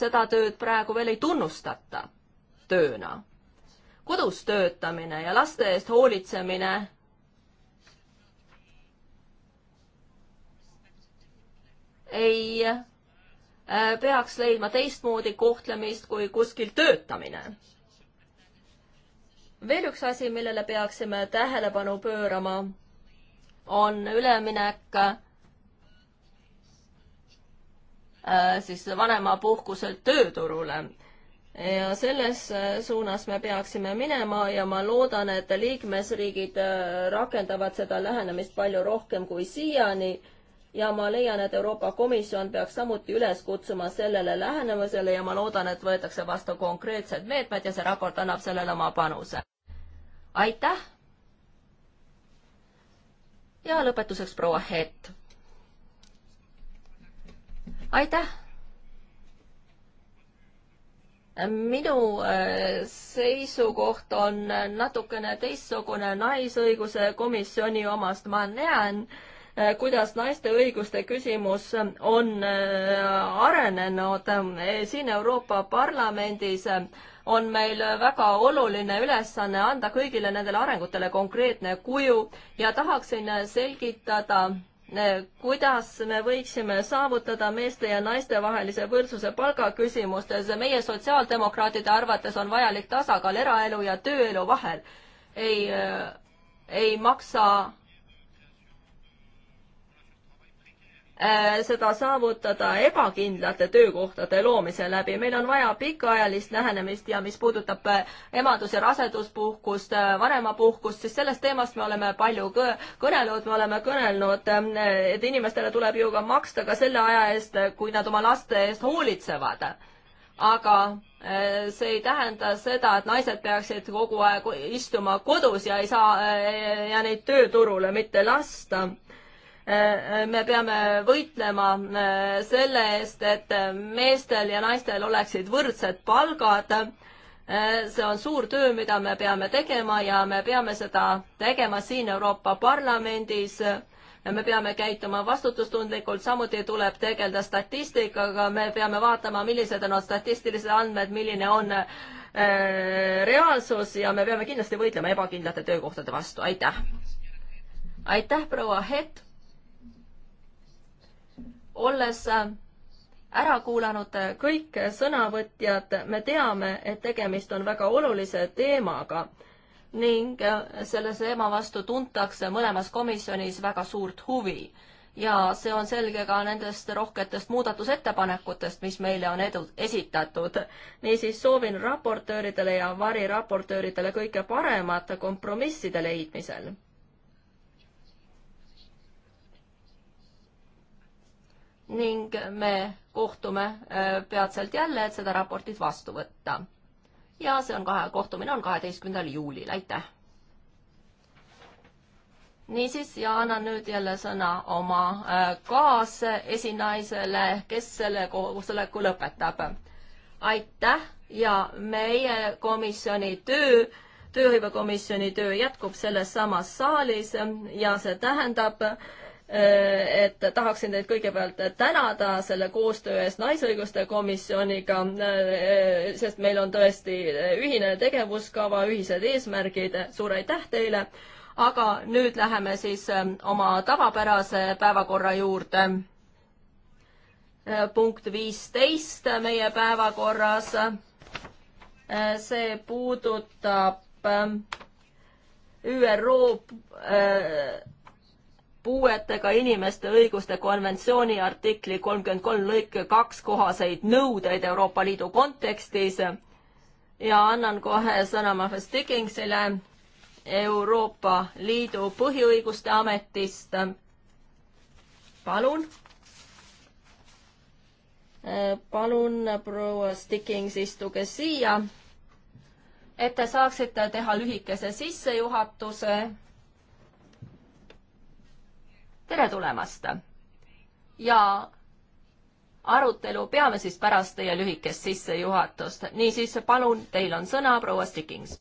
[SPEAKER 1] seda tööd praegu veel ei tunnustata tööna. kodus töötamine ja laste eest hoolitsemine ei Äh, peaks leidma teistmoodi kohtlemist kui kuskil töötamine. veel üks asi, millele peaksime tähelepanu pöörama, on üleminek äh, siis vanemapuhkuselt tööturule ja selles äh, suunas me peaksime minema ja ma loodan, et liikmesriigid rakendavad seda lähenemist palju rohkem kui siiani ja ma leian, et Euroopa Komisjon peaks samuti üles kutsuma sellele lähenemisele ja ma loodan, et võetakse vastu konkreetsed meetmed ja see raport annab sellele oma panuse. aitäh! ja lõpetuseks proua Hett. aitäh! minu äh, seisukoht on natukene teistsugune Naisõiguse komisjoni omast, ma näen, Äh, kuidas naiste õiguste küsimus äh, on äh, arenenud. siin Euroopa Parlamendis on meil väga oluline ülesanne anda kõigile nendele arengutele konkreetne kuju ja tahaksin selgitada, kuidas me võiksime saavutada meeste ja naiste vahelise võrdsuse palgaküsimustes. meie sotsiaaldemokraatide arvates on vajalik tasakaal eraelu ja tööelu vahel. ei, ei maksa Äh, seda saavutada ebakindlate töökohtade loomise läbi. meil on vaja pikaajalist lähenemist ja mis puudutab äh, emadus- ja raseduspuhkust, äh, vanemapuhkust, siis sellest teemast me oleme palju kõ kõnelenud, me oleme kõnelenud, et inimestele tuleb ju ka maksta ka selle aja eest, kui nad oma laste eest hoolitsevad aga see ei tähenda seda, et naised peaksid kogu aeg istuma kodus ja ei saa ja neid tööturule mitte lasta Äh, me peame võitlema äh, selle eest, et meestel ja naistel oleksid võrdsed palgad. Äh, see on suur töö, mida me peame tegema ja me peame seda tegema siin Euroopa Parlamendis. me peame käituma vastutustundlikult, samuti tuleb tegeleda statistikaga, me peame vaatama, millised on statistilised andmed, milline on reaalsus ja me peame kindlasti võitlema ebakindlate töökohtade vastu, aitäh! aitäh, proua Hett! olles äh, ära kuulanud äh, kõik sõnavõtjad, me teame, et tegemist on väga olulise teemaga ning äh, selle teema vastu tuntakse mõlemas komisjonis väga suurt huvi. ja see on selge ka nendest rohketest muudatusettepanekutest, mis meile on edu, esitatud. niisiis soovin raportööridele ja variraportööridele kõike paremat kompromisside leidmisel ning me kohtume äh, peatselt jälle, et seda raportit vastu võtta. ja see on kahe, kohtumine on kaheteistkümnendal juulil, aitäh! niisiis, ja annan nüüd jälle sõna oma äh, kaasesinaisele, kes selle koosoleku lõpetab. aitäh ja meie komisjoni töö tööhõivekomisjoni töö jätkub selles samas saalis ja see tähendab, Äh, et tahaksin teid kõigepealt tänada selle koostöö eest Naisõiguste Komisjoniga, äh, sest meil on tõesti ühine tegevuskava, ühised eesmärgid, suur aitäh teile, aga nüüd läheme siis äh, oma tavapärase päevakorra juurde. punkt viisteist meie päevakorras, see puudutab ÜRO äh, puuetega inimeste õiguste konventsiooni artikli kolmkümmend kolm lõike kaks kohaseid nõudeid Euroopa Liidu kontekstis ja annan kohe sõna Mahves Digingsile Euroopa Liidu põhiõiguste ametist. palun. Äh, palun, proua Stikings, istuge siia, et te saaksite teha lühikese sissejuhatuse tere tulemast! ja arutelu peame siis pärast teie lühikest sissejuhatust. niisiis, palun, teil on sõna, proua Stikings.